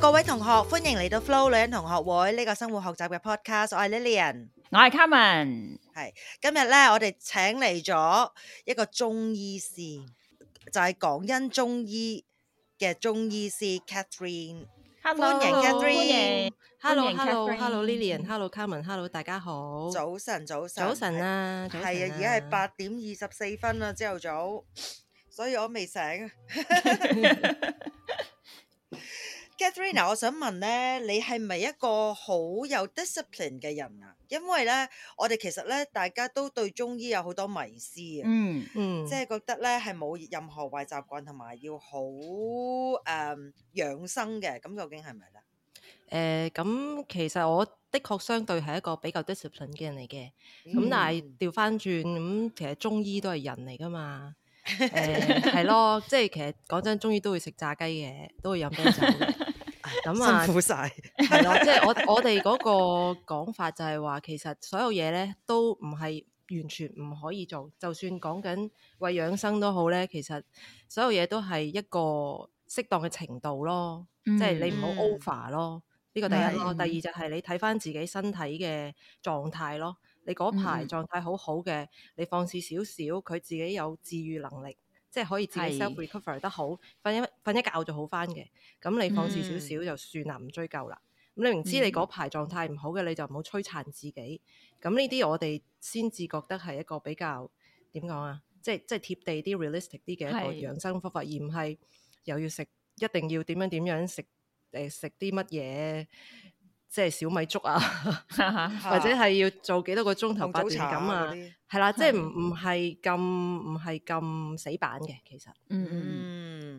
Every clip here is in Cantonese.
各位同學，歡迎嚟到 Flo 女人同學會呢個生活學習嘅 podcast，我係 Lillian，我係 Carmen，係今日咧，我哋請嚟咗一個中醫師，就係港恩中醫嘅中醫師 Catherine，歡迎 Catherine，hello hello hello Lillian，hello Carmen，hello 大家好，早晨早晨早晨啊，係啊，而家係八點二十四分啊，朝頭早，所以我未醒。Catherine，我想問咧，你係咪一個好有 discipline 嘅人啊？因為咧，我哋其實咧，大家都對中醫有好多迷思啊、嗯。嗯嗯，即係覺得咧係冇任何壞習慣，同埋要好誒、嗯、養生嘅。咁究竟係咪咧？誒、呃，咁其實我的確相對係一個比較 discipline 嘅人嚟嘅。咁、嗯、但係調返轉咁，其實中醫都係人嚟㗎嘛。誒係、 呃、咯，即係其實講真，中醫都會食炸雞嘅，都會飲多酒。咁、嗯、啊，辛苦曬，係 咯、啊，即、就、係、是、我我哋個個講法就係話，其實所有嘢咧都唔係完全唔可以做，就算講緊為養生都好咧，其實所有嘢都係一個適當嘅程度咯，即係、嗯、你唔好 over 咯，呢、嗯、個第一咯，的第二就係你睇返自己身體嘅狀態咯，你嗰排狀態好好嘅，嗯、你放肆少少，佢自己有自愈能力。即係可以自己 self recover 得好，瞓一瞓一覺就好翻嘅。咁你放肆少少就算啦，唔、mm hmm。追究啦。咁你明知你嗰排狀態唔好嘅，你就唔好摧殘自己。咁呢啲我哋先至覺得係一個比較點講啊，即係即係貼地啲、realistic 啲嘅一個養生方法，是而唔係又要食，一定要點樣點樣食，誒食啲乜嘢。即係小米粥啊， 或者係要做幾多個鐘頭煲茶啊，係啦、 嗯，即係唔唔係咁唔係咁死板嘅其實。嗯的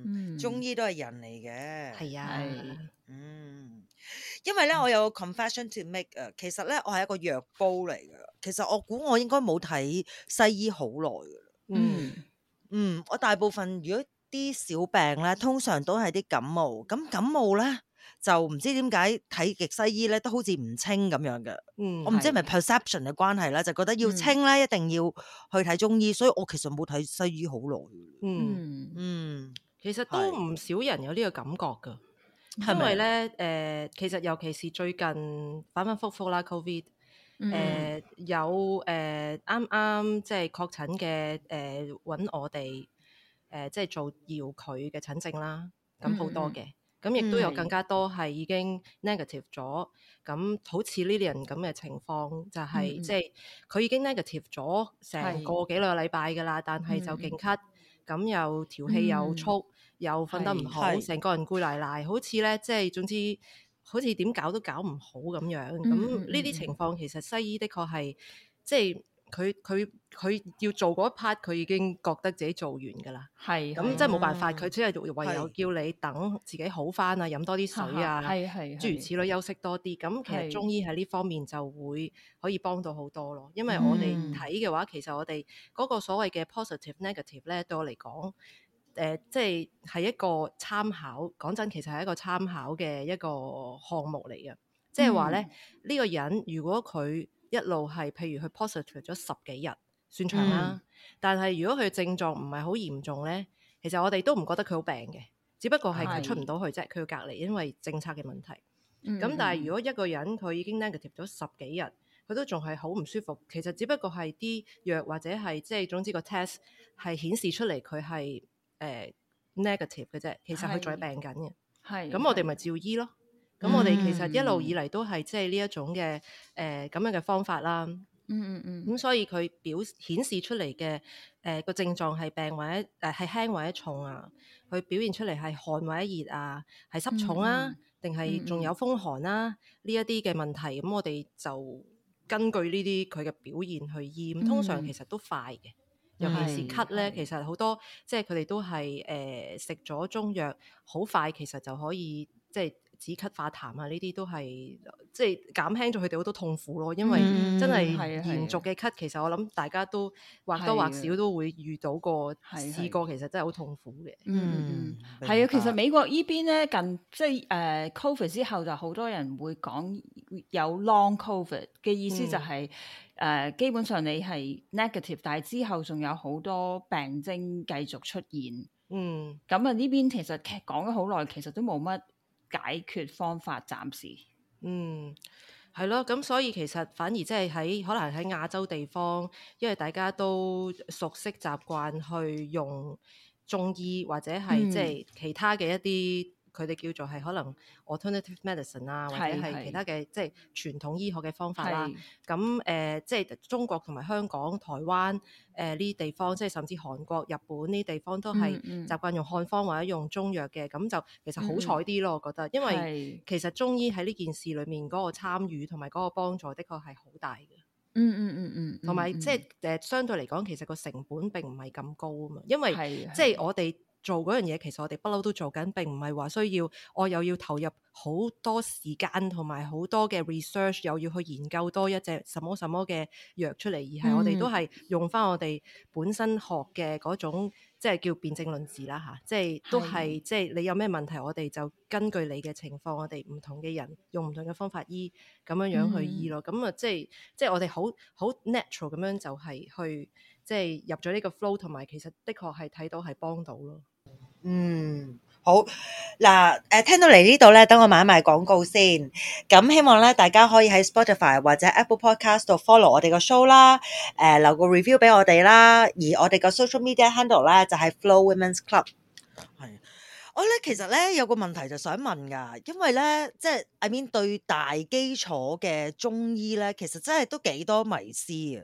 嗯，中醫都係人嚟嘅，係啊的，嗯，因為咧我有 confession to make 啊，其實咧我係一個藥煲嚟嘅，其實我估我應該冇睇西醫好耐㗎，嗯嗯，我大部分如果啲小病咧，通常都係啲感冒，咁感冒咧。就唔知點解睇極西醫咧都好似唔清咁樣嘅，嗯、我唔知係咪 perception 嘅關係咧，的就覺得要清咧，嗯、一定要去睇中醫，所以我其實冇睇西醫好耐。嗯嗯，嗯其實都唔少人有呢個感覺嘅，的因為咧，誒、呃，其實尤其是最近反反覆覆啦，COVID，誒、嗯呃、有誒啱啱即係確診嘅誒揾我哋誒即係做遙距嘅診症啦，咁好多嘅。嗯咁亦都有更加多係已經 negative 咗，咁好似呢啲人咁嘅情況就係、是就是，即係佢已經 negative 咗成個幾個禮拜㗎喇，是但係就勁咳、嗯，咁又調氣又促，嗯、又瞓得唔好，成是個人攰賴賴，好似咧即係總之，好似點搞都搞唔好咁樣。咁呢啲情況、嗯嗯、其實西醫的確係即係。就是佢佢佢要做嗰一 part，佢已經覺得自己做完㗎啦。係是，咁即係冇辦法，佢、嗯、只係唯有叫你等自己好翻啊，飲多啲水啊，諸如此類，休息多啲。咁其實中醫喺呢方面就會可以幫到好多咯。因為我哋睇嘅話，嗯、其實我哋嗰個所謂嘅 positive negative 咧，對我嚟講，誒、呃，即係係一個參考。講真，其實係一個參考嘅一個項目嚟嘅，即係話咧，呢、嗯、個人如果佢，一路係，譬如佢 positive 咗十幾日算長啦、啊。嗯、但係如果佢症狀唔係好嚴重咧，其實我哋都唔覺得佢好病嘅，只不過係佢出唔到去啫，佢要是隔離，因為政策嘅問題。咁、嗯、哼但係如果一個人佢已經 negative 咗十幾日，佢都仲係好唔舒服，其實只不過係啲藥或者係即係總之個 test 係顯示出嚟佢係誒 negative 嘅啫，其實佢仲係病緊嘅。係咁，我哋咪照醫咯。咁我哋其實一路以嚟都係即係呢一種嘅誒咁樣嘅方法啦。嗯嗯嗯。咁、嗯嗯嗯、所以佢表顯示出嚟嘅誒個症狀係病或者誒係輕或者重啊，佢表現出嚟係寒或者熱啊，係濕重啊，定係仲有風寒啊，呢一啲嘅問題。咁、嗯嗯嗯嗯、我哋就根據呢啲佢嘅表現去醫，嗯、通常其實都快嘅。嗯、尤其是咳咧，其實好多即係佢哋都係誒食咗中藥，好快其實就可以即係。止咳化痰啊！呢啲都係即係減輕咗佢哋好多痛苦咯，因為真係連續嘅咳，其實我諗大家都或多或少都會遇到過，係試的過，的其實真係好痛苦嘅。嗯，係啊、嗯，白其實美國依邊咧近即係誒 Covid 之後就好多人會講有 Long Covid 嘅意思、就是，就係誒基本上你係 negative，但係之後仲有好多病徵繼續出現。嗯，咁啊、嗯，呢邊其實講咗好耐，其實都冇乜。解決方法暫時，嗯，係咯，咁所以其實反而即係喺可能喺亞洲地方，因為大家都熟悉習慣去用中醫或者係即係其他嘅一啲。佢哋叫做係可能 alternative medicine 啊，或者係其他嘅是是 即係傳統醫學嘅方法啦、啊。咁誒是是、呃，即係中國同埋香港、台灣誒呢啲地方，即係甚至韓國、日本呢啲地方都係習慣用漢方或者用中藥嘅。咁、嗯嗯、就其實好彩啲咯，嗯嗯我覺得，因為其實中醫喺呢件事裏面嗰個參與同埋嗰個幫助，的確係好大嘅。嗯嗯嗯嗯，嗯，嗯，嗯，同埋即係誒，相對嚟講，其實個成本並唔係咁高啊嘛，因為即係我哋。做嗰樣嘢其實我哋不嬲都做緊，並唔係話需要我又要投入好多時間，同埋好多嘅 research，又要去研究多一隻什麼什麼嘅藥出嚟，而係我哋都係用翻我哋本身學嘅嗰種，即係叫辨證論治啦吓，即係都係的即係你有咩問題，我哋就根據你嘅情況，我哋唔同嘅人用唔同嘅方法醫咁樣樣去醫咯。咁啊、嗯，即係即係我哋好好 natural 咁樣就係去即係入咗呢個 flow，同埋其實的確係睇到係幫到咯。嗯，好嗱，誒、呃，聽到嚟呢度咧，等我買一買廣告先。咁希望咧，大家可以喺 Spotify 或者 Apple Podcast 度 follow 我哋個 show 啦，誒、呃，留個 review 俾我哋啦。而我哋個 social media handle 咧就係、是、Flo Women's Club。係，我咧其實咧有個問題就想問噶，因為咧即係 I mean 對大基礎嘅中醫咧，其實真係都幾多迷思啊。誒、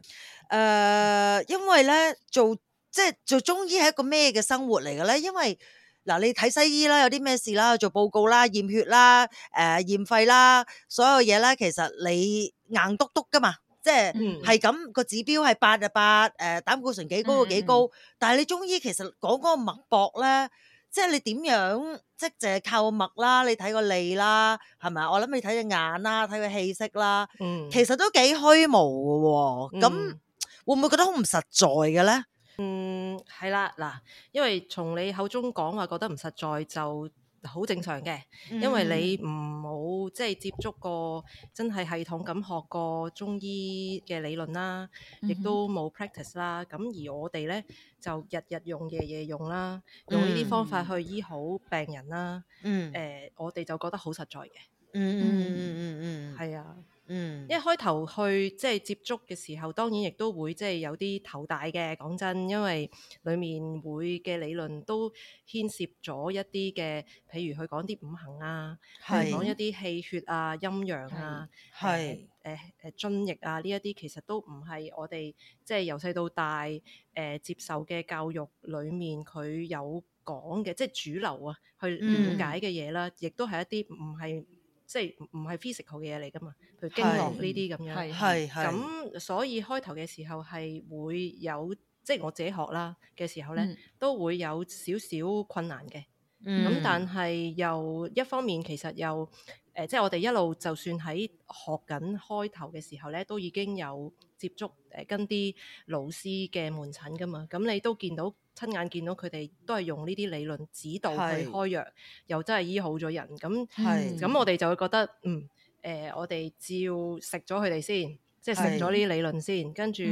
呃，因為咧做。即係做中醫係一個咩嘅生活嚟嘅咧？因為嗱，你睇西醫啦，有啲咩事啦，做報告啦，驗血啦，誒、呃，驗肺啦，所有嘢啦，其實你硬嘟嘟噶嘛，即係係咁個指標係八就八，誒，膽固醇幾高就幾高。嗯、但係你中醫其實講嗰個脈搏咧，即係你點樣，即係淨係靠脈啦，你睇個脷啦，係咪？我諗你睇隻眼啦，睇個氣色啦，其實都幾虛無嘅喎。咁會唔會覺得好唔實在嘅咧？嗯，係啦，嗱，因為從你口中講話覺得唔實在，就好正常嘅，因為你唔冇即係接觸過真係系統咁學過中醫嘅理論啦，亦都冇 practice 啦，咁而我哋咧就日日用，夜夜用啦，用呢啲方法去醫好病人啦，誒、嗯呃，我哋就覺得好實在嘅，嗯嗯嗯嗯嗯，係啊。嗯，一開頭去即係接觸嘅時候，當然亦都會即係有啲頭大嘅。講真，因為裡面會嘅理論都牽涉咗一啲嘅，譬如佢講啲五行啊，係講是一啲氣血啊、陰陽啊，係誒誒津液啊呢一啲，其實都唔係我哋即係由細到大誒、呃、接受嘅教育裡面佢有講嘅，即係主流啊去了解嘅嘢啦，亦都係一啲唔係。即係唔唔係 physical 嘅嘢嚟噶嘛，譬如經絡呢啲咁樣。係係係，咁，所以開頭嘅時候係會有即係我自己學啦嘅時候咧，嗯、都會有少少困難嘅。咁、嗯、但係又一方面其實又誒、呃，即係我哋一路就算喺學緊開頭嘅時候咧，都已經有接觸誒跟啲老師嘅門診噶嘛。咁你都見到。親眼見到佢哋都係用呢啲理論指導去開藥，是又真係醫好咗人。咁咁我哋就會覺得，嗯，誒、呃，我哋照食咗佢哋先，即係食咗呢啲理論先，跟住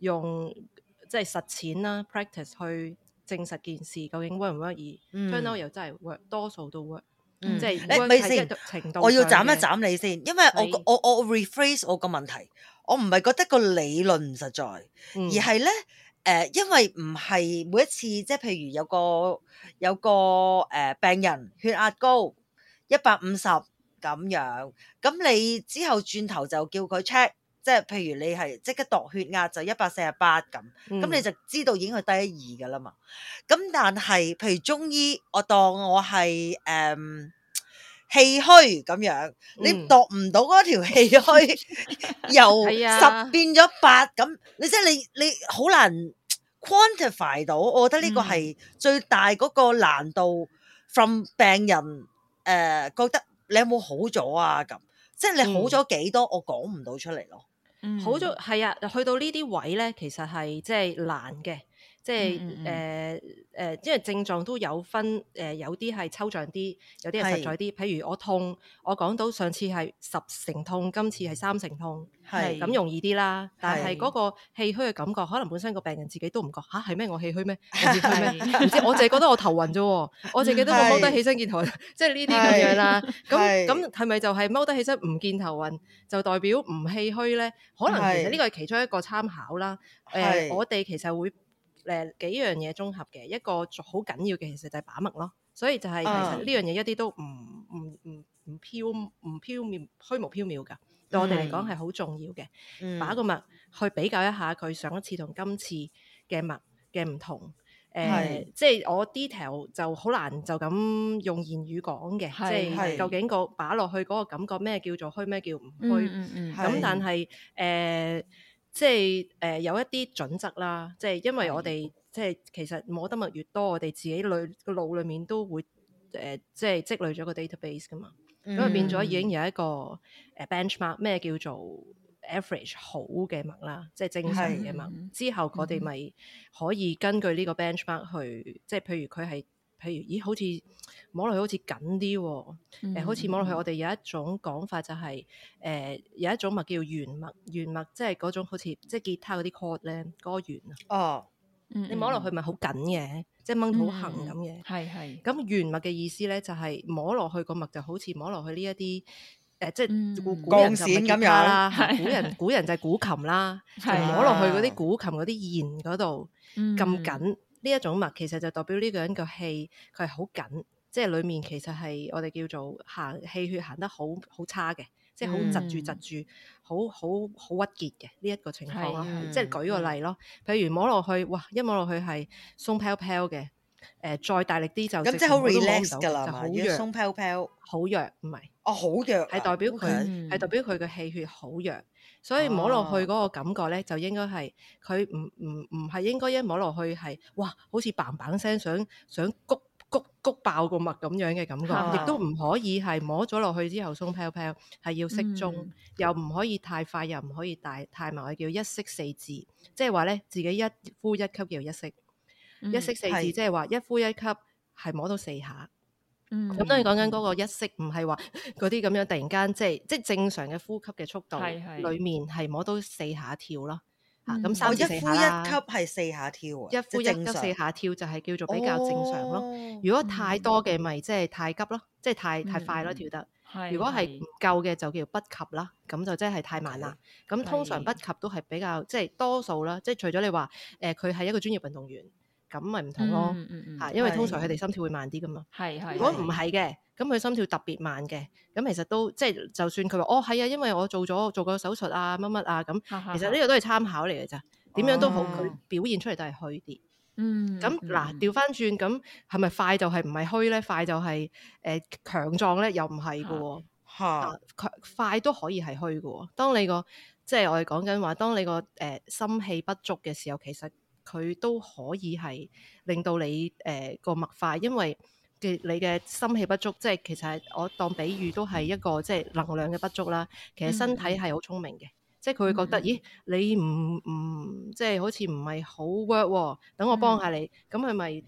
用嗯嗯即係實踐啦，practice 去證實件事究竟 work 唔 work？而 final 又真係 work，多數都 work。嗯、即係，你睇嘅程度。我要斬一斬你先，因為我我我 rephrase 我個問題，我唔係覺得個理論唔實在，而係咧。呃嗯誒，因為唔係每一次，即係譬如有個有個誒病人血壓高一百五十咁樣，咁你之後轉頭就叫佢 check，即係譬如你係即刻度血壓就一百四十八咁，咁、嗯、你就知道已經係低一二噶啦嘛。咁但係譬如中醫，我當我係誒氣虛咁樣，你度唔到嗰條氣虛，嗯、 由十變咗八咁，你即係你你好難。quantify 到，Quantified，我覺得呢個係最大嗰個難度。嗯、from 病人誒、呃、覺得你有冇好咗啊？咁即係你好咗幾多？嗯、我講唔到出嚟咯。嗯、好咗係啊，去到呢啲位咧，其實係即係難嘅。即係誒誒，因為症狀都有分誒、呃，有啲係抽象啲，有啲係實在啲。是譬如我痛，我講到上次係十成痛，今次係三成痛，係咁是容易啲啦。但係嗰個氣虛嘅感覺，可能本身個病人自己都唔覺吓，係、啊、咩？我氣虛咩？唔知，我淨係覺得我頭暈啫。我淨係記得我踎低起身見頭暈，即係呢啲咁樣啦。咁咁係咪就係踎低起身唔見頭暈，就代表唔氣虛咧？可能其實呢個係其中一個參考啦。誒、欸，我哋其實會，會。就是誒幾樣嘢綜合嘅一個好緊要嘅，其實就係把脈咯。所以就係其實呢樣嘢一啲都唔唔唔唔飄唔飄渺虛無飄渺嘅，對我哋嚟講係好重要嘅。嗯、把個脈去比較一下佢上一次同今次嘅脈嘅唔同。誒、呃，是 即係我 detail 就好難就咁用言語講嘅。是 即係究竟個把落去嗰個感覺咩叫做虛，咩叫唔虛？咁、嗯嗯嗯、但係誒。是 呃即係誒、呃，有一啲準則啦。即係因為我哋的即係其實摸得脈越多，我哋自己裏個腦裏面都會誒、呃，即係積累咗個 database 噶嘛。咁啊、嗯、變咗已經有一個誒、呃、benchmark，咩叫做 average 好嘅脈啦，即係正常嘅脈。的之後我哋咪可以根據呢個 benchmark 去，即係譬如佢係。譬如，咦，好似摸落去好似緊啲，誒，好似摸落去，我哋有一種講法就係，誒，有一種脈叫弦脈，弦脈即係嗰種好似即係吉他嗰啲 cord 咧，歌弦。哦，你摸落去咪好緊嘅，即係掹好痕咁嘅。係係。咁弦脈嘅意思咧，就係摸落去個脈就好似摸落去呢一啲，誒，即係古古人嘅吉他啦。古人古人就古琴啦，摸落去嗰啲古琴嗰啲弦嗰度，咁緊。呢一種脈其實就代表呢個人個氣佢係好緊，即係裡面其實係我哋叫做行氣血行得好好差嘅。嗯、即係好窒住窒住，好好好鬱結嘅呢一個情況。嗯、即係舉個例咯，嗯、譬如摸落去，哇！一摸落去係鬆泡泡嘅，誒、呃，再大力啲就咁即係好 relax 㗎啦，就好弱鬆泡泡好弱鬆泡泡，好弱唔係，哦，好弱係、啊、代表佢係、嗯、代表佢嘅氣血好弱。所以摸落去嗰個感覺呢，就應該係佢唔唔係應該一摸落去係哇，好似棒棒聲，想想谷爆個脈咁樣嘅感覺，亦的都唔可以係摸咗落去之後鬆泡泡，係要適中，嗯、又唔可以太快，又唔可以大太慢、就是，叫一息、嗯、四字，即係話呢自己一呼一吸叫一息，「一息四字即係話一呼一吸係摸到四下。咁當然講緊嗰個一息，唔係話嗰啲咁樣突然間即係即係正常嘅呼吸嘅速度，係裏面係摸到四下跳咯。啊，咁三一呼一吸係四下跳，一呼一吸四下跳就係叫做比較正常咯。如果太多嘅咪即係太急咯，即係太太快咯跳得。如果係唔夠嘅就叫不及啦，咁就真係太慢啦。咁通常不及都係比較即係多數啦，即係除咗你話誒佢係一個專業運動員，咁咪唔同咯，吓、嗯，嗯、因為通常佢哋心跳會慢啲㗎嘛。係係，如果唔係嘅，咁佢心跳特別慢嘅，咁其實都即係、就是、就算佢話哦係啊，因為我做咗做個手術啊，乜乜啊咁，其實呢個都係參考嚟嘅咋。點樣都好，佢、哦、表現出嚟都係虛啲。嗯。咁嗱，調返轉咁係咪快就係唔係虛咧？快就係、是、誒、呃、強壯咧？又唔係㗎喎。係的的、啊。快都可以係虛㗎喎、哦。當你個即係我哋講緊話，當你個誒、呃、心氣不足嘅時候，其實。佢都可以係令到你誒、呃、個脈快，因為嘅你嘅心氣不足，即係其實我當比喻都係一個即係能量嘅不足啦。其實身體係好聰明嘅，嗯、即係佢會覺得，嗯、咦，你唔唔即係好似唔係好 work、哦、等我幫下你，咁佢咪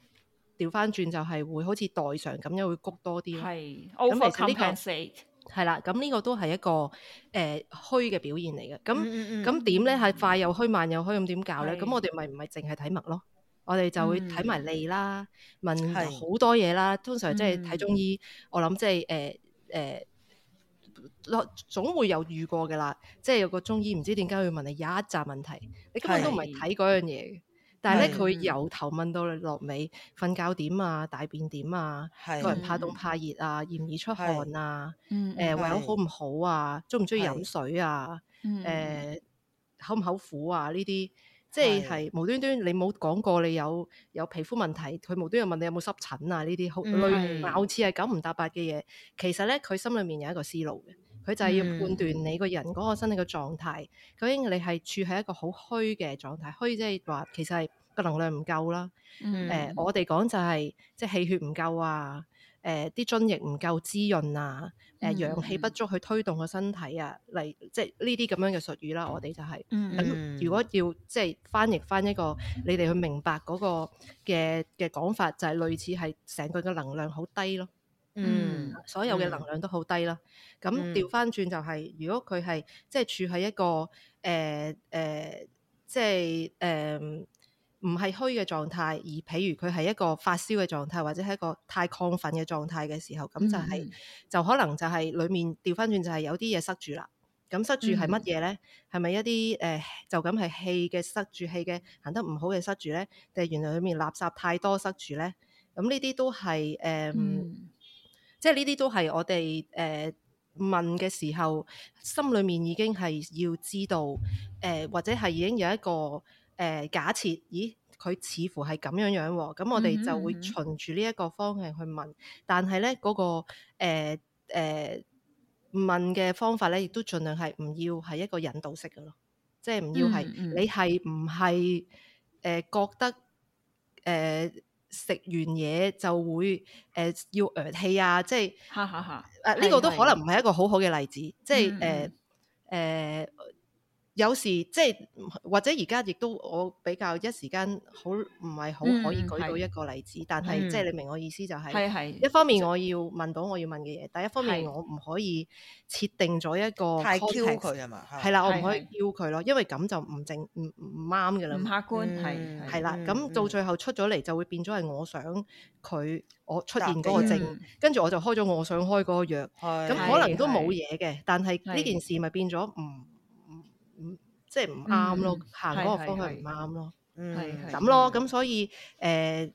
調翻轉就係會好似代償咁樣會谷多啲咯。係，咁其實呢個。係啦，咁呢個都係一個誒、呃、虛嘅表現嚟嘅。咁咁點咧？係快又虛，慢又虛，咁點教咧？咁是我哋咪唔係淨係睇脈咯，我哋就會睇埋脷啦，問好多嘢啦。是通常即係睇中醫，嗯、我諗即係誒誒，總會有遇過嘅啦。即、就、係、是、有個中醫唔知點解會問你有一紮問題，你根本都唔係睇嗰樣嘢是但係咧，佢、嗯、由頭問到你落尾，瞓覺點啊，大便點啊，嗯、個人怕凍怕熱啊，易唔易出汗啊，誒胃口好唔好啊，中唔中意飲水啊，誒是、嗯呃、口唔口苦啊？呢啲即係係是是無端端你冇講過，你有有皮膚問題，佢無端端問你有冇濕疹啊？呢啲好類貌似係九唔搭八嘅嘢，其實咧佢心裏面有一個思路嘅。佢就係要判斷你個人嗰個身體嘅狀態，究竟你係處喺一個好虛嘅狀態，虛即係話其實係個能量唔夠啦。誒、嗯呃，我哋講就係、是、即係氣血唔夠啊，誒啲津液唔夠滋潤啊，誒陽氣不足去推動個身體啊，嚟即係呢啲咁樣嘅術語啦。我哋就係、是，嗯嗯、如果要即係、就是、翻譯翻一個，你哋去明白嗰個嘅嘅講法，就係類似係成個嘅能量好低咯。嗯，所有嘅能量都好低啦。咁掉返轉就係、是，如果佢係即係處喺一個誒誒，即係誒唔係虛嘅狀態，而譬如佢係一個發燒嘅狀態，或者係一個太亢奮嘅狀態嘅時候，咁就係、是嗯、就可能就係裏面掉返轉就係有啲嘢塞住啦。咁塞住係乜嘢咧？係咪、嗯、一啲誒、呃、就咁係氣嘅塞住，氣嘅行得唔好嘅塞住咧？定係原來裏面垃圾太多塞住咧？咁呢啲都係誒。嗯嗯即係呢啲都係我哋誒、呃、問嘅時候，心裏面已經係要知道誒、呃，或者係已經有一個誒、呃、假設，咦，佢似乎係咁樣樣喎，咁我哋就會循住呢一個方向去問。嗯嗯嗯，但係咧，嗰、那個誒誒、呃呃、問嘅方法咧，亦都盡量係唔要係一個引導式嘅咯，即係唔要係、嗯嗯嗯、你係唔係誒覺得誒？呃食完嘢就會誒、呃、要噯氣啊，即係呢、 啊呢個都可能唔係一個好好嘅例子， 嗯、即係誒誒。呃呃有時即係或者而家亦都我比較一時間好唔係好可以舉到一個例子，但係即係你明我意思就係，一方面我要問到我要問嘅嘢，第一方面我唔可以設定咗一個太 Q 佢係嘛？係啦，我唔可以 Q 佢咯，因為咁就唔正唔唔啱㗎啦，唔客觀係係啦。咁到最後出咗嚟就會變咗係我想佢我出現嗰個症，跟住我就開咗我想開嗰個藥，咁可能都冇嘢嘅，但係呢件事咪變咗唔～即係唔啱咯，行嗰個方向唔啱咯，係咁咯，咁、嗯、所以誒、呃、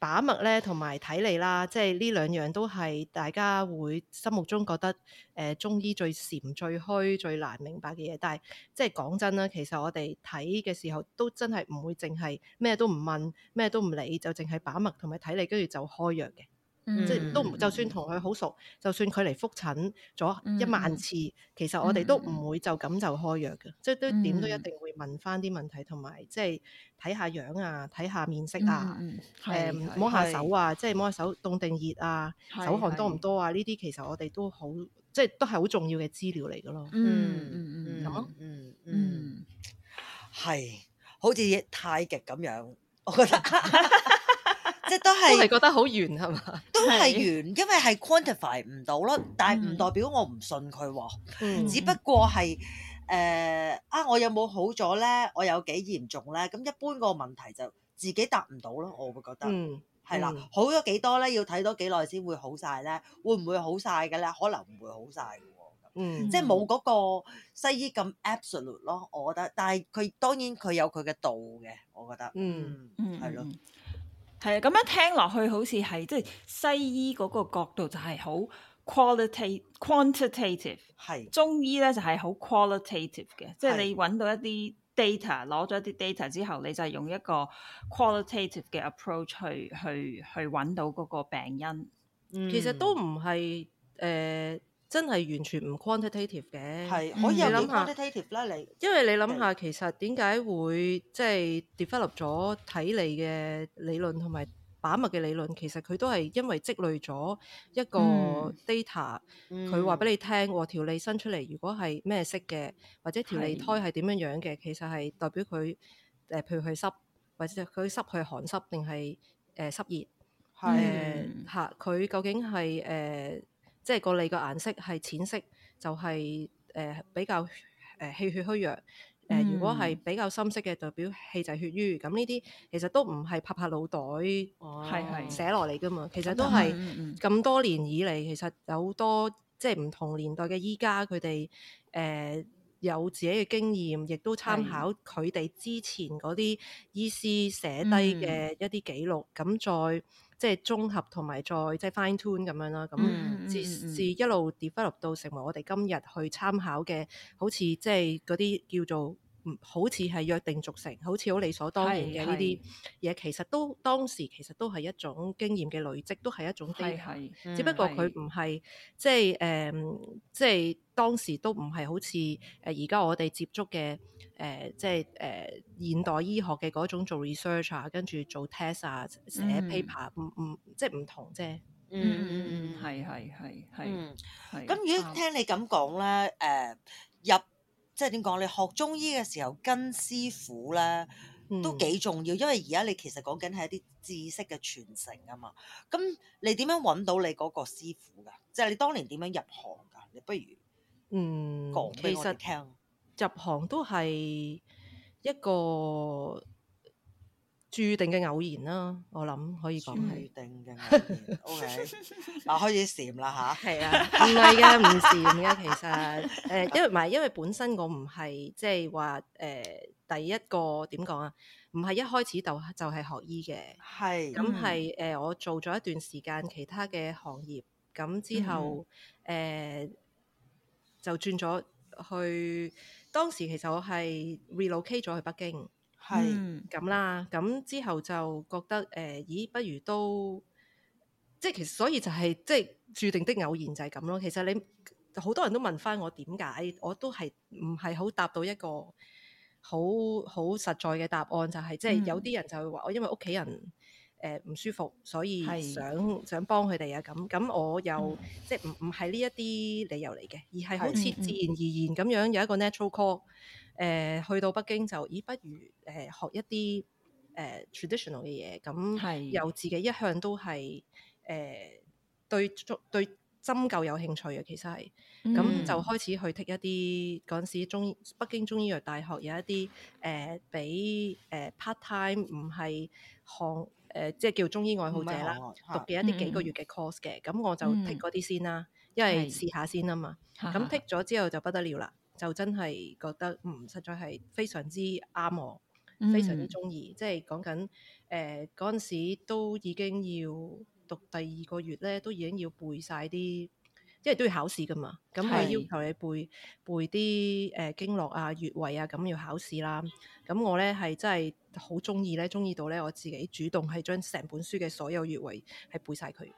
把脈咧，同埋睇你啦，即係呢兩樣都係大家會心目中覺得誒、呃、中醫最禪、最虛、最難明白嘅嘢。但係即係講真啦，其實我哋睇嘅時候都真係唔會淨係咩都唔問，咩都唔理，就淨係把脈同埋睇脷，跟住就開藥嘅。即係都唔，就算同佢好熟，就算佢嚟複診咗一萬次，其實我哋都唔會就咁就開藥嘅。即係都點都一定會問翻啲問題，同埋即係睇下樣啊，睇下面色啊，摸下手啊，即係摸下手凍定熱啊，手汗多唔多啊？呢啲其實我哋都好，即係都係好重要嘅資料嚟㗎咯。嗯嗯好，嗯嗯，係，好似太極咁樣，我覺得。即都係都係覺得好遠係嘛？都係遠，因為係 quantify 唔到咯。是但唔代表我唔信佢喎，嗯、只不過係誒、呃、啊！我有冇好咗咧？我有幾嚴重咧？咁一般個問題就自己答唔到咯。我會覺得係、嗯嗯、啦，好咗幾多咧？要睇多幾耐先會好晒咧？會唔會好晒嘅咧？可能唔會好晒嘅喎。嗯，嗯即冇嗰個西醫咁 absolute 咯。我覺得，但係佢當然佢有佢嘅道嘅。我覺得，嗯嗯，係咯。嗯係啊，咁樣聽落去好似係即係西醫嗰個角度就係好 qualitative，quantitative 係是，中醫咧就係、是、好 qualitative 嘅，即、就、係、是、你揾到一啲 data，攞咗一啲 data 之後，你就係用一個 qualitative 嘅 approach 去去去揾到嗰個病因。嗯、其實都唔係誒。呃真係完全唔 quantitative 嘅，可以諗下，你諗下因為你諗下係其實點解會即係、即係、develop 咗體理嘅理論同埋把脈嘅理論，其實佢都係因為積累咗一個 data，佢話俾你聽，我條脷伸出嚟，如果係咩色嘅，或者條脷苔係點樣樣嘅，係其實係代表佢、呃、譬如佢濕，或者佢濕去寒濕定係誒濕熱，係嚇佢究竟係誒？呃即係個脷個顏色係淺色，就係、是、誒、呃、比較誒、呃、氣血虛弱。誒、嗯呃、如果係比較深色嘅，代表氣滯血瘀。咁呢啲其實都唔係拍拍腦袋，係係寫落嚟噶嘛。其實都係咁多年以嚟，其實有好多即係唔同年代嘅醫家，佢哋誒有自己嘅經驗，亦都參考佢哋之前嗰啲醫師寫低嘅一啲記錄，咁再、嗯。嗯即係綜合同埋再即係 fine tune 咁樣啦，咁、mm hmm。自自一路 develop 到成為我哋今日去參考嘅，好似即係嗰啲叫做。好似係約定俗成，好似好理所當然嘅呢啲嘢，其實都當時其實都係一種經驗嘅累積，都係一種經驗。只不過佢唔係即係誒即係當時都唔係好似誒而家我哋接觸嘅誒即係誒現代醫學嘅嗰種做 research 啊，跟住做 test 啊，寫 paper，唔唔即係唔同啫。嗯嗯嗯，係係係係係，咁如果聽你咁講咧，誒入。即係點講？你學中醫嘅時候跟師傅呢都幾重要，因為而家你其實講緊係一啲知識嘅傳承啊嘛。咁你點樣揾到你嗰個師傅㗎？即係你當年點樣入行㗎？你不如嗯講俾我哋聽。入行都係一個注定嘅偶然啦、啊，我諗可以講。注定嘅偶然，OK。嗱，開始禪啦吓。係啊，唔係嘅，唔禪嘅。啊、 其實，誒、呃，因為唔係，因為本身我唔係即係話，誒、就是呃，第一個點講啊，唔係一開始就就係學醫嘅。係是。咁係誒，我做咗一段時間其他嘅行業，咁之後誒、嗯呃、就轉咗去。當時其實我係 relocate 咗去北京。係咁啦，咁之後就覺得誒、呃，咦，不如都即係其實，所以就係、是、即係注定的偶然就係咁咯。其實你好多人都問翻我點解，我都係唔係好答到一個好好實在嘅答案，就係即係有啲人就會話我因為屋企人誒唔、呃、舒服，所以想是想幫佢哋啊咁。咁我又、嗯、即係唔唔係呢一啲理由嚟嘅，而係好似自然而然咁樣有一個 natural call。誒、呃、去到北京就，咦，不如誒、呃、學一啲誒 traditional 嘅嘢，咁、呃、又是自己一向都係誒、呃、對中對針灸有興趣嘅，其實係咁、嗯、就開始去 take 一啲，嗰陣時中北京中醫藥大學有一啲誒俾誒 part time 唔係學誒即係叫中醫愛好者啦，啊、讀嘅一啲幾個月嘅 course 嘅，咁、嗯嗯、我就 take 嗰啲先啦，因為試下先啊嘛，咁 take 咗之後就不得了啦。就真係覺得唔、嗯、實在係非常之啱我，非常之中意。嗯、即係講緊誒嗰陣時都已經要讀第二個月咧，都已經要背晒啲，即係都要考試噶嘛。咁佢要求你背是背啲誒、呃、經絡啊、穴位啊，咁要考試啦。咁我咧係真係好中意咧，中意到咧我自己主動係將成本書嘅所有穴位係背晒佢。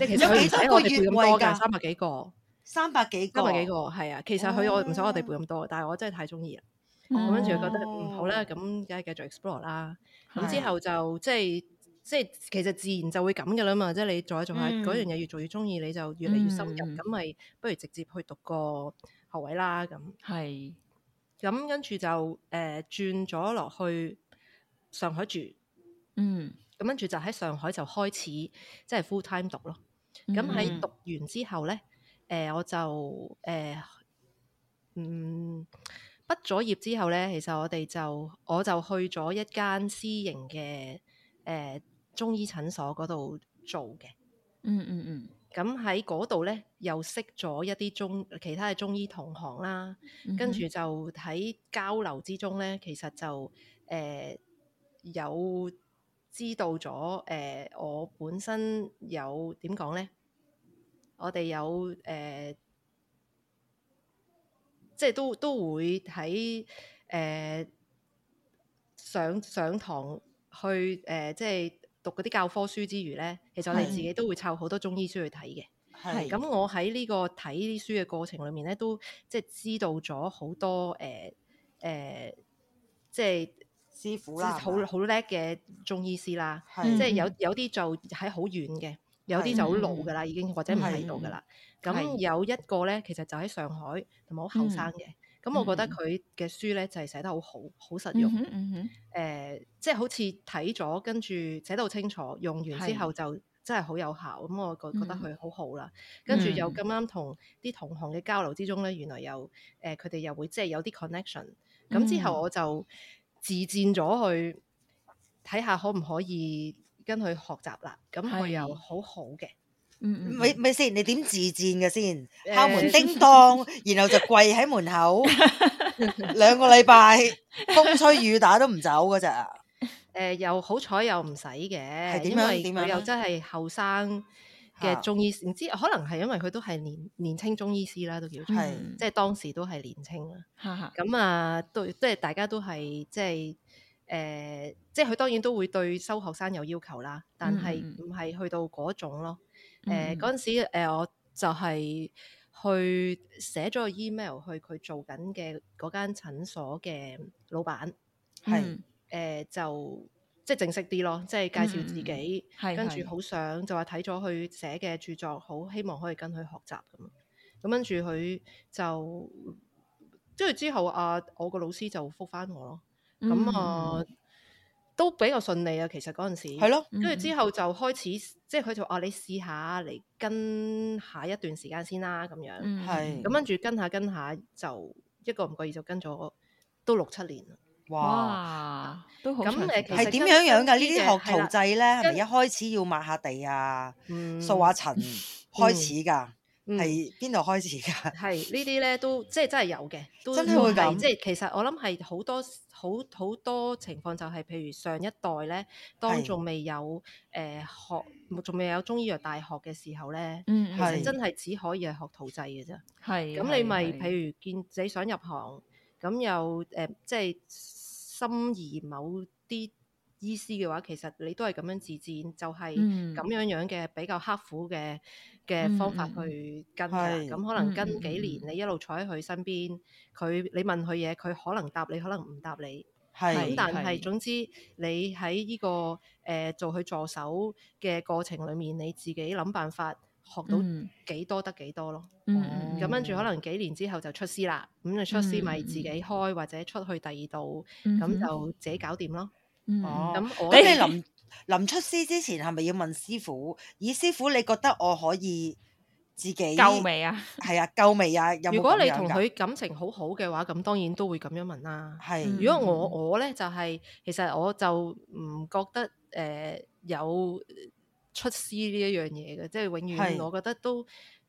有幾多個穴位㗎？三百幾個。三百幾個，三百幾個，係啊。其實佢我唔想我哋背咁多，但係我真係太中意啦。咁跟住覺得唔好啦，咁梗係繼續 explore 啦。咁之是後就即係即係其實自然就會咁嘅啦嘛。即係你做下做下嗰樣嘢，嗯、越做越中意，你就越嚟越深入。咁咪、嗯、不如直接去讀個學位啦。咁係咁跟住就誒轉咗落去上海住。嗯，咁跟住就喺上海就開始即係、就是、full time 讀咯。咁喺、嗯、讀完之後咧。誒、呃、我就誒、呃，嗯，畢咗業之後咧，其實我哋就我就去咗一間私營嘅誒、呃、中醫診所嗰度做嘅。嗯嗯嗯。咁喺嗰度咧，又識咗一啲中其他嘅中醫同行啦。跟住就喺交流之中咧，其實就誒、呃、有知道咗誒、呃，我本身有點講咧。我哋有誒、呃，即係都都會喺誒、呃、上上堂去誒、呃，即係讀嗰啲教科書之餘咧，其實我哋自己都會湊好多中醫書去睇嘅。係是。咁我喺呢個睇啲書嘅過程裏面咧，都即係知道咗好多誒誒、呃呃，即係師傅啦，好好叻嘅中醫師啦。即係的有有啲就喺好遠嘅。有啲就好老噶啦，已經或者唔喺度噶啦。咁的有一個咧，其實就喺上海同埋好後生嘅。咁我，、嗯、我覺得佢嘅書咧就係、是、寫得好好，好實用。誒、嗯、即、嗯、係、呃就是、好似睇咗，跟住寫得好清楚，用完之後就真係好有效。咁的、嗯、我覺覺得佢好好啦。嗯、跟住又咁啱同啲同行嘅交流之中咧，原來又誒佢哋又會即係、就是、有啲 connection、嗯。咁、嗯、之後我就自薦咗去睇下可唔可以。跟佢學習啦，咁佢又好好嘅。嗯，咪咪先，你點自薦嘅先？敲門叮當，然後就跪喺門口兩個禮拜，風吹雨打都唔走㗎咋誒，又好彩又唔使嘅。係點樣？點樣？又真係後生嘅中醫師，唔知可能係因為佢都係年年青中醫師啦，都叫係，即係當時都係年青啦。咁啊，都即係大家都係即係。誒、呃，即係佢當然都會對收學生有要求啦，但係唔係去到嗰種咯。誒嗰陣時、呃，我就係去寫咗個 email 去佢做緊嘅嗰間診所嘅老闆，係誒、嗯呃、就即係正式啲咯，即係介紹自己，嗯、跟住好想就話睇咗佢寫嘅著作好，好希望可以跟佢學習咁。咁跟住佢就即係之後啊，我個老師就覆返我咯。咁啊，都比較順利啊，其實嗰陣時係咯，跟住之後就開始，即係佢就話啊，你試下嚟跟下一段時間先啦，咁樣係，咁跟住跟下跟下就一個唔覺意就跟咗都六七年啦，哇，都好，係點樣樣噶？呢啲學徒制咧，係咪一開始要抹下地啊，掃下塵開始噶？係邊度開始噶？係呢啲咧都即係真係有嘅，都真係即係其實我諗係好多好好多情況就係、是、譬如上一代咧，當仲未有誒、呃、學，仲未有中醫藥大學嘅時候咧，嗯、其實真係只可以係學徒制嘅啫。係咁是你咪譬如見你想入行，咁又誒即係心儀某啲醫師嘅話，其實你都係咁樣自薦，嗯、就係咁樣樣嘅比較刻苦嘅嘅方法去跟㗎。咁、嗯嗯嗯、可能跟幾年，你一路坐喺佢身邊，佢你問佢嘢，佢可能答你，可能唔答你。係咁是，但係總之你喺呢、這個誒、呃、做佢助手嘅過程裡面，你自己諗辦法學到幾多得幾多咯。咁、嗯嗯、跟住可能幾年之後就出師啦。咁、嗯嗯、就出師咪、嗯、自己開或者出去第二度，咁就自己搞掂咯。哦，咁我，咁你臨臨出師之前，係咪要問師傅？以師傅你覺得我可以自己夠未美啊？係 啊，夠未啊？有有 如果你同佢感情好好嘅話，咁當然都會咁樣問啦。係是，如果我我咧就係、是，其實我就唔覺得誒、呃、有出師呢一樣嘢嘅，即、就、係、是、永遠我覺得都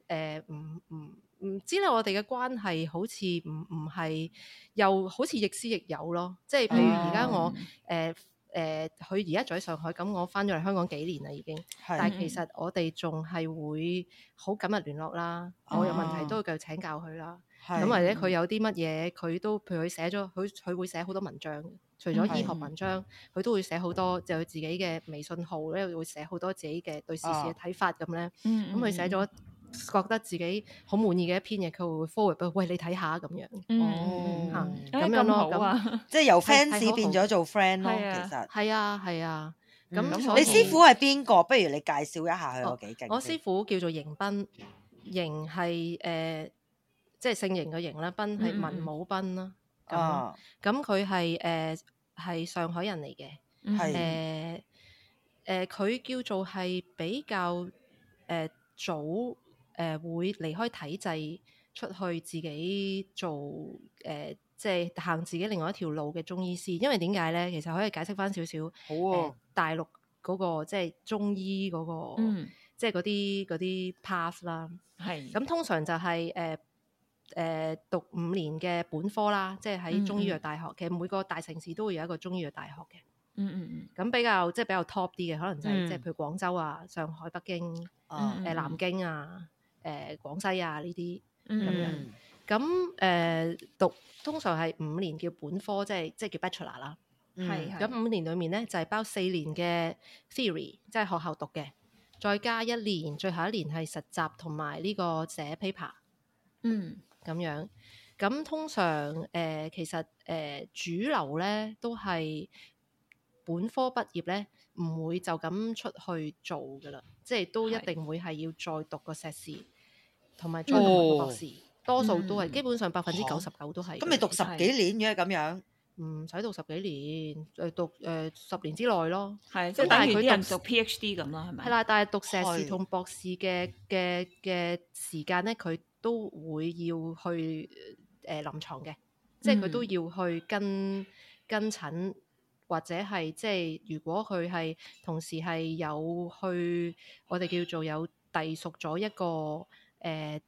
誒唔唔。唔知咧，我哋嘅關係好似唔唔係，又好似亦師亦友咯。即係譬如而家我誒誒，佢而家仲喺上海，咁我翻咗嚟香港幾年啦已經。的但係其實我哋仲係會好緊密聯絡啦。啊、我有問題都會繼續請教佢啦。係的，咁或者佢有啲乜嘢，佢都譬如佢寫咗，佢佢會寫好多文章。除咗醫學文章，佢的都會寫好多就佢自己嘅微信號咧，會寫好多自己嘅對時事嘅睇法咁咧。啊、嗯，咁佢寫咗，覺得自己好滿意嘅一篇嘢，佢會 forward 喂你睇下咁樣，嗯，嚇咁樣咯，即係由 fans 變咗做 friend 咯，其實係啊，係啊。咁你師傅係邊個？不如你介紹一下佢有幾勁。我師傅叫做邢斌，邢係誒，即係姓邢嘅邢啦，斌係文武斌啦。哦，咁佢係誒係上海人嚟嘅，係誒誒佢叫做係比較誒早。誒、呃、會離開體制出去自己做誒、呃，即係行自己另外一條路嘅中醫師。因為點解咧？其實可以解釋返少少。好、呃、喎，嗯、大陸嗰個即係中醫嗰個，即係嗰啲啲 path 啦。係是。咁通常就係誒誒讀五年嘅本科啦，即係喺中醫藥大學。嗯、其實每個大城市都會有一個中醫藥大學嘅。嗯嗯嗯。咁比較即係比較 top 啲嘅，可能就係即係譬如廣州啊、上海、北京、誒、啊、南京啊。啊誒、呃、廣西啊呢啲咁樣，咁、呃、誒讀通常係五年叫本科，即係即係叫 Bachelor 啦。係、mm，咁、hmm. 五年裡面咧就係、是、包四年嘅 theory，即係學校讀嘅，再加一年，最後一年係實習同埋呢個寫 paper、mm。嗯，咁樣，咁通常誒、呃、其實誒、呃、主流咧都係本科畢業咧。唔會就咁出去做嘅啦，即係都一定會係要再讀個碩士，同埋再讀個博士，哦、多數都係、嗯、基本上百分之九十九都係。咁你、哦、讀十幾年嘅咁是樣，唔使讀十幾年，誒讀誒、呃、十年之內咯。係的，即係等於啲人讀 PhD 咁啦，係咪？係啦，但係讀碩士同博士嘅嘅嘅時間咧，佢都會要去誒、呃、臨床嘅，即係佢都要去跟跟診。跟診跟診，或者係即係，如果佢係同時係有去，我哋叫做有隸屬咗一個誒、呃、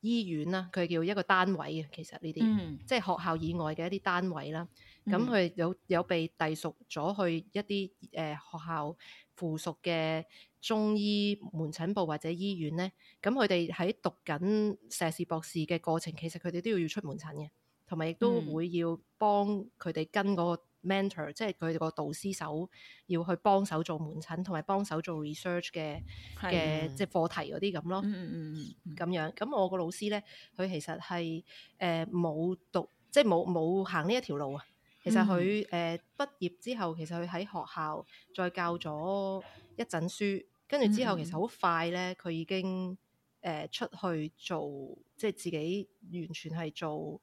醫院啦，佢叫一個單位嘅。其實呢啲、嗯、即係學校以外嘅一啲單位啦。咁佢、嗯、有有被隸屬咗去一啲誒、呃、學校附屬嘅中醫門診部或者醫院呢。咁佢哋喺讀緊碩士博士嘅過程，其實佢哋都要出門診嘅，同埋亦都會要幫佢哋跟嗰、那個。嗯 mentor 即係佢哋個導師手要去幫手做門診，同埋幫手做 research 嘅嘅即係課題啲咁咯的。嗯嗯嗯，嗯，咁樣咁我個老師咧，佢其實係誒冇讀，即係冇冇行呢一條路啊。其實佢誒畢業之後，其實佢喺學校再教咗一陣書，跟住之後嗯嗯其實好快咧，佢已經誒、呃、出去做，即係自己完全係做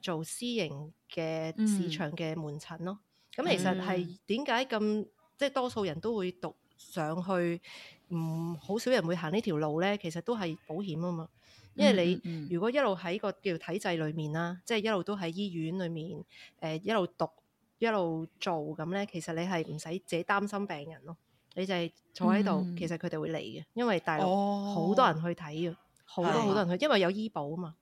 做私營嘅市場嘅門診咯。咁、嗯、其實係點解咁即係多數人都會讀上去，唔好少人會行呢條路咧？其實都係保險啊嘛，因為你、嗯嗯、如果一路喺個叫體制裡面啦，即、就、係、是、一路都喺醫院裡面，誒、呃、一路讀一路做咁咧，其實你係唔使自己擔心病人咯，你就係坐喺度，嗯、其實佢哋會嚟嘅，因為大陸好多人去睇嘅，好、哦、多好嗎多人去，因為有醫保啊嘛。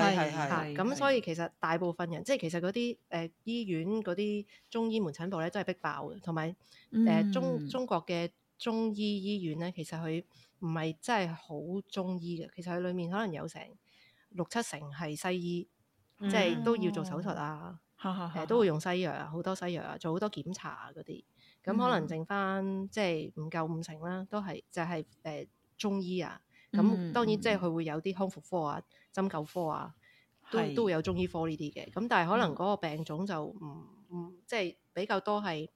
係係係，咁所以其實大部分人，的即係其實嗰啲誒醫院嗰啲中醫門診部咧，都係逼爆嘅，同埋誒中中國嘅中醫醫院咧，其實佢唔係真係好中醫嘅，其實佢裡面可能有成六七成係西醫，嗯、即係都要做手術啊， 呃、都會用西藥啊，好多西藥啊，做好多檢查啊嗰啲，咁可能剩翻即係唔夠五成啦，都係就係、是、誒中醫啊。咁、嗯、當然，即係佢會有啲康復科啊、針灸科啊，都是都會有中醫科呢啲嘅。咁但係可能嗰個病種就唔唔、嗯、即係比較多係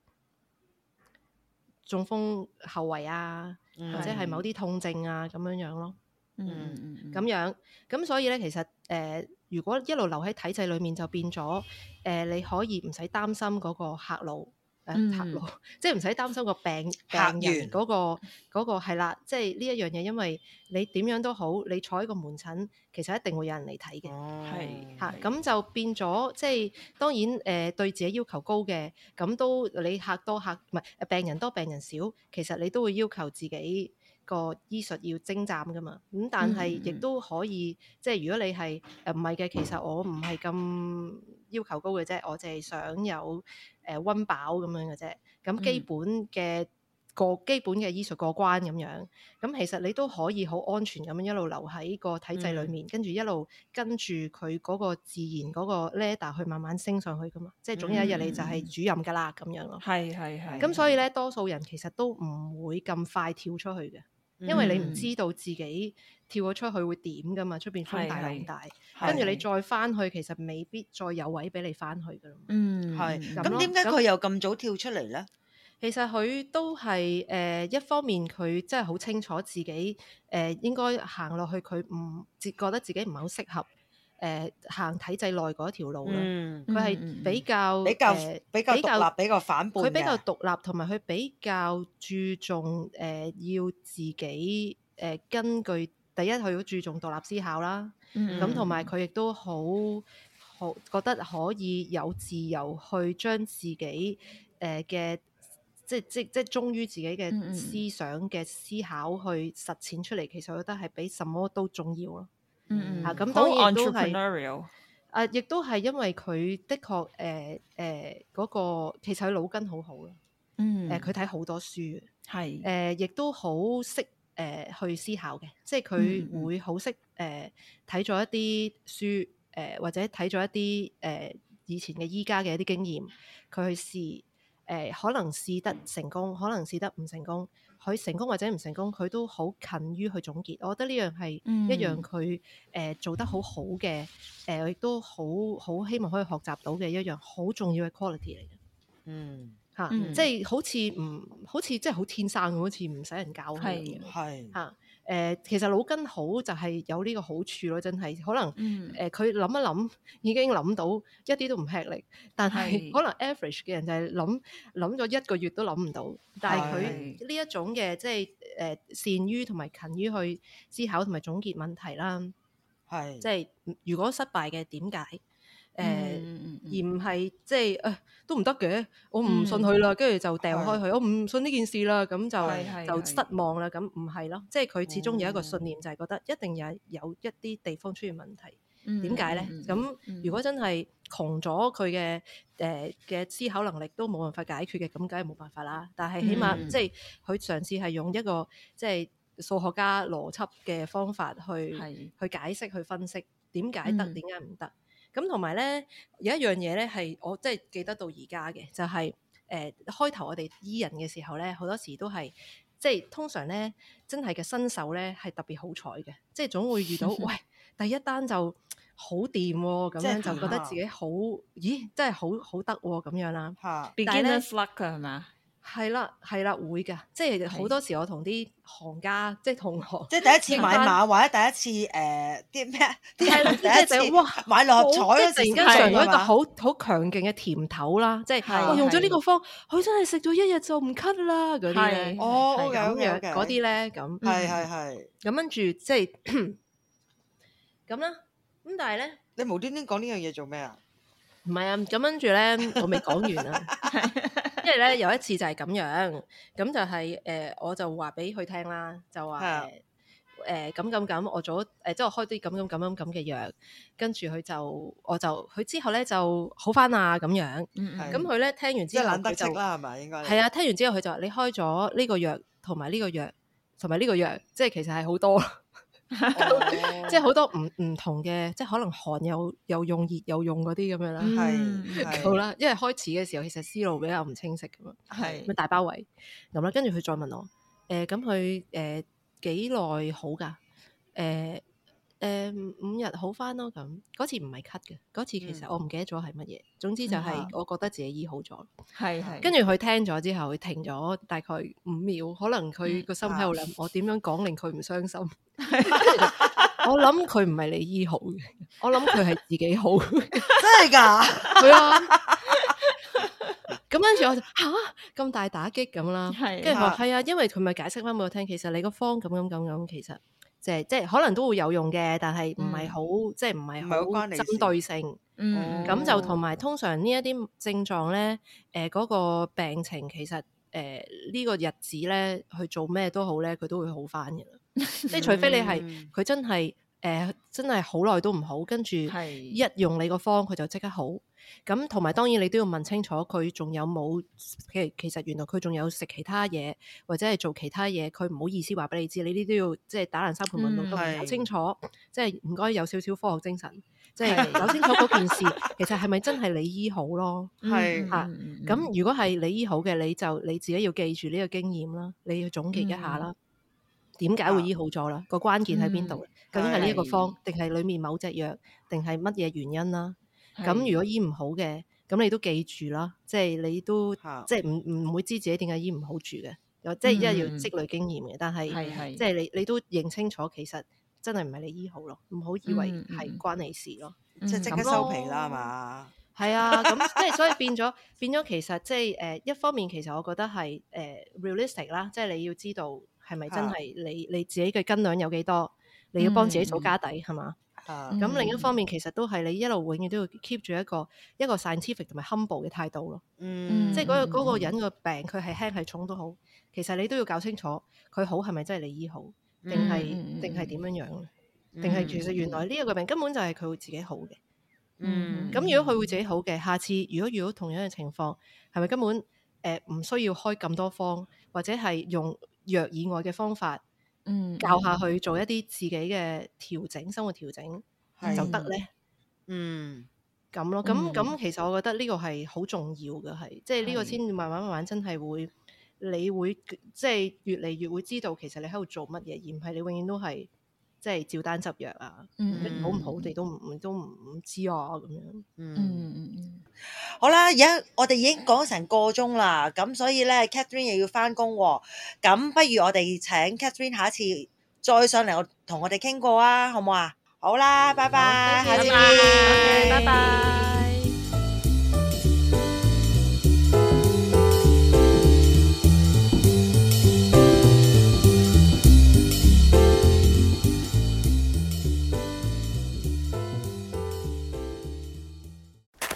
中風後遺啊，是或者係某啲痛症啊咁樣樣咯。嗯，咁、嗯、樣咁所以咧，其實誒、呃，如果一路留喺體制裡面，就變咗誒、呃，你可以唔使擔心嗰個客路。誒、嗯、 即係唔使擔心個病病人嗰、嗰個嗰係啦，即係呢一樣嘢，因為你點樣都好，你坐喺個門診，其實一定會有人嚟睇嘅，係嚇。咁就變咗，即係當然誒、呃，對自己要求高嘅，咁都你客多客唔係，病人多病人少，其實你都會要求自己個醫術要精湛噶嘛。咁、嗯、但係亦都可以，嗯、即係如果你係唔係嘅，其實我唔係咁要求高嘅啫，我淨係想有。誒温、呃、飽咁樣嘅啫，咁基本嘅、嗯、個基本嘅醫術過關咁樣，咁其實你都可以好安全咁樣一路留喺個體制裡面，嗯、跟住一路跟住佢嗰個自然嗰個 leader 去慢慢升上去噶嘛，即係總有一日你就係主任噶啦咁樣咯。係係係。咁所以呢，的多數人其實都唔會咁快跳出去嘅。因為你唔知道自己跳咗出去會點噶嘛，出邊風大浪大，是是是，跟住你再翻去其實未必再有位俾你翻去噶咯。嗯，係。咁點解佢又咁早跳出嚟咧、嗯？其實佢都係誒、呃、一方面，佢真係好清楚自己誒、呃、應該行落去，佢唔自覺得自己唔係好適合。誒、呃、行體制內嗰條路啦，佢係、嗯、比較比較、呃、比較比較獨立、比較反叛嘅。佢比較獨立，同埋佢比較注重誒、呃、要自己誒、呃、根據第一，佢好注重獨立思考啦。咁同埋佢亦都好好覺得可以有自由去將自己誒嘅、呃、即即即忠於自己嘅思想嘅思考去實踐出嚟。其實我覺得係比什麼都重要咯。嗯，嚇、嗯，咁當然都係，誒，亦都係因為佢的確，誒、呃，誒、呃，嗰個其實佢腦筋好好嘅，嗯，誒、呃，佢睇好多書，係是，誒、呃，亦都好識誒去思考嘅，即係佢會好識誒睇咗一啲書，誒、呃、或者睇咗一啲誒、呃、以前嘅依家嘅一啲經驗，佢去試，誒、呃、可能試得成功，可能試得唔成功。佢成功或者唔成功，佢都好勤於去總結。我覺得呢樣係一樣佢誒、呃、做得好好嘅，誒、呃、亦都好好希望可以學習到嘅一樣好重要嘅 quality 嚟嘅。嗯，嚇、啊嗯，即係好似唔好似即係好天生好似唔使人教嘅一樣。係啊。誒、呃、其實腦筋好就係有呢個好處咯，真係可能誒佢諗一諗已經諗到一啲都唔吃力，但係可能 average 嘅人就係諗諗咗一個月都諗唔到，是但係佢呢一種嘅即係誒善於同埋勤於去思考同埋總結問題啦，係即係如果失敗嘅點解？誒，而唔係即係，誒都唔得嘅。我唔信佢啦，跟住就掉開佢。我唔信呢件事啦，咁就就失望啦。咁唔係咯，即係佢始終有一個信念，就係覺得一定有有一啲地方出現問題。點解呢？咁如果真係窮咗佢嘅誒嘅思考能力都冇辦法解決嘅，咁梗係冇辦法啦。但係起碼即係佢嘗試係用一個即係數學家邏輯嘅方法去去解釋、去分析點解得、點解唔得。咁同埋咧，有一樣嘢咧係我即係記得到而家嘅，就係誒開頭我哋醫人嘅時候咧，好多時都係即係通常咧真係嘅新手咧係特別好彩嘅，即係總會遇到 喂，第一單就好掂喎，咁樣是就覺得自己好咦真係好好得喎咁樣啦。Beginner's luck 係嘛？係啦，係啦，會噶，即係好多時我同啲行家，即係同學，即係第一次買馬，或者第一次誒，啲咩，係第一哇，買六合彩，即係突然間嘗到一個好好強勁嘅甜頭啦，即係用咗呢個方，佢真係食咗一日就唔咳啦，嗰啲咧，哦，咁樣嗰啲咧，咁，係係係，咁跟住即係咁啦，咁但係咧，你無端端講呢樣嘢做咩啊？唔係啊，咁跟住咧，我未講完啊。即係咧，有一次就係咁樣，咁就係、是、誒、呃，我就話俾佢聽啦，就話誒誒咁咁咁，我做誒、呃、即係我開啲咁咁咁咁嘅藥，跟住佢就我就佢之後咧就好返啊咁樣，咁佢咧聽完之後諗唔清啦係咪應該？係啊，聽完之後佢就話你開咗呢個藥同埋呢個藥同埋呢個藥，即係其實係好多。即係好多唔唔同嘅，即係可能寒有又用熱，熱又用嗰啲咁樣啦。係， 好啦， 因為開始嘅時候其實思路比較唔清晰咁樣，係是咁大包圍咁啦。跟住佢再問我，誒、呃，咁佢誒幾耐好噶？誒、呃。誒，五日好翻咯，咁嗰次唔係咳嘅，嗰次其實我唔記得咗係乜嘢，總之就係我覺得自己醫好咗，係係，跟住佢聽咗之後，佢停咗大概五秒，可能佢個心喺度諗我點樣講令佢唔傷心，我諗佢唔係你醫好嘅，我諗佢係自己好嘅，真係噶，係啊，咁跟住我就吓咁大打擊咁啦，係，跟住係啊，因為佢咪解釋翻俾我聽，其實你個方咁咁咁咁，其實。即係可能都會有用嘅，但係唔係好、嗯、即係唔係好針對性。嗯，咁就同埋通常呢一啲症狀呢，誒、呃、嗰、嗰個病情其實誒呢、呃呢個日子呢，去做咩都好呢，佢都會好翻嘅。即係除非你係佢真係。誒、呃，真係好耐都唔好，跟住一用你個方佢是就即刻好。咁同埋當然你都要問清楚有有，佢仲有冇其其實原來佢仲有食其他嘢，或者係做其他嘢，佢唔好意思話俾你知，你呢都要即係打爛沙盤問都唔清楚，即係唔該有少少科學精神，即係搞清楚嗰件事， 其實係咪真係你醫好咯？係吓，咁如果係你醫好嘅，你就你自己要記住呢個經驗啦，你要總結一下啦，點解、嗯、會醫好咗啦？個、嗯、關鍵喺邊度？究竟係呢一個方，定係裏面某隻藥，定係乜嘢原因啦？咁如果醫唔好嘅，咁你都記住啦，即係你都即係唔唔會知自己點解醫唔好住嘅，又即係一係要積累經驗嘅。但係係係即係你你都認清楚，其實真係唔係你醫好咯，唔好以為係關你事咯，即係即刻收皮啦嘛。係啊，咁即係所以變咗變咗，其實即係誒，一方面其實我覺得係誒 realistic 啦，即係你要知道係咪真係你你自己嘅斤兩有幾多。你要幫自己做家底，係嘛？咁另一方面，嗯、其實都係你一路永遠都要 keep 住一個一個 scientific 同埋 humble 嘅態度咯。嗯，即係嗰、嗰個、嗯、個人個病，佢係輕係重都好，其實你都要搞清楚，佢好係咪真係你醫好，定係定係點樣樣？定係其實原來呢一個病根本就係佢、嗯、會自己好嘅。嗯，咁如果佢會自己好嘅，下次如果遇到同樣嘅情況，係咪根本誒唔、呃、需要開咁多方，或者係用藥以外嘅方法？教下去做一啲自己嘅調整，生活調整係就得咧。嗯，咁咯，咁咁、嗯、其實我覺得呢個係好重要嘅，係即係呢個先慢慢慢慢真係會，你會即係、即係、越嚟越會知道其實你喺度做乜嘢，而唔係你永遠都係即係照單執藥啊。嗯、好唔好你都唔都唔唔知啊咁樣。嗯嗯嗯。好啦，而家我哋已經講成個鐘啦，咁所以咧，Catherine 又要翻工，咁不如我哋請 Catherine 下一次再上嚟，我同我哋傾過啊，好唔好啊？好啦，拜拜，下次見，拜拜。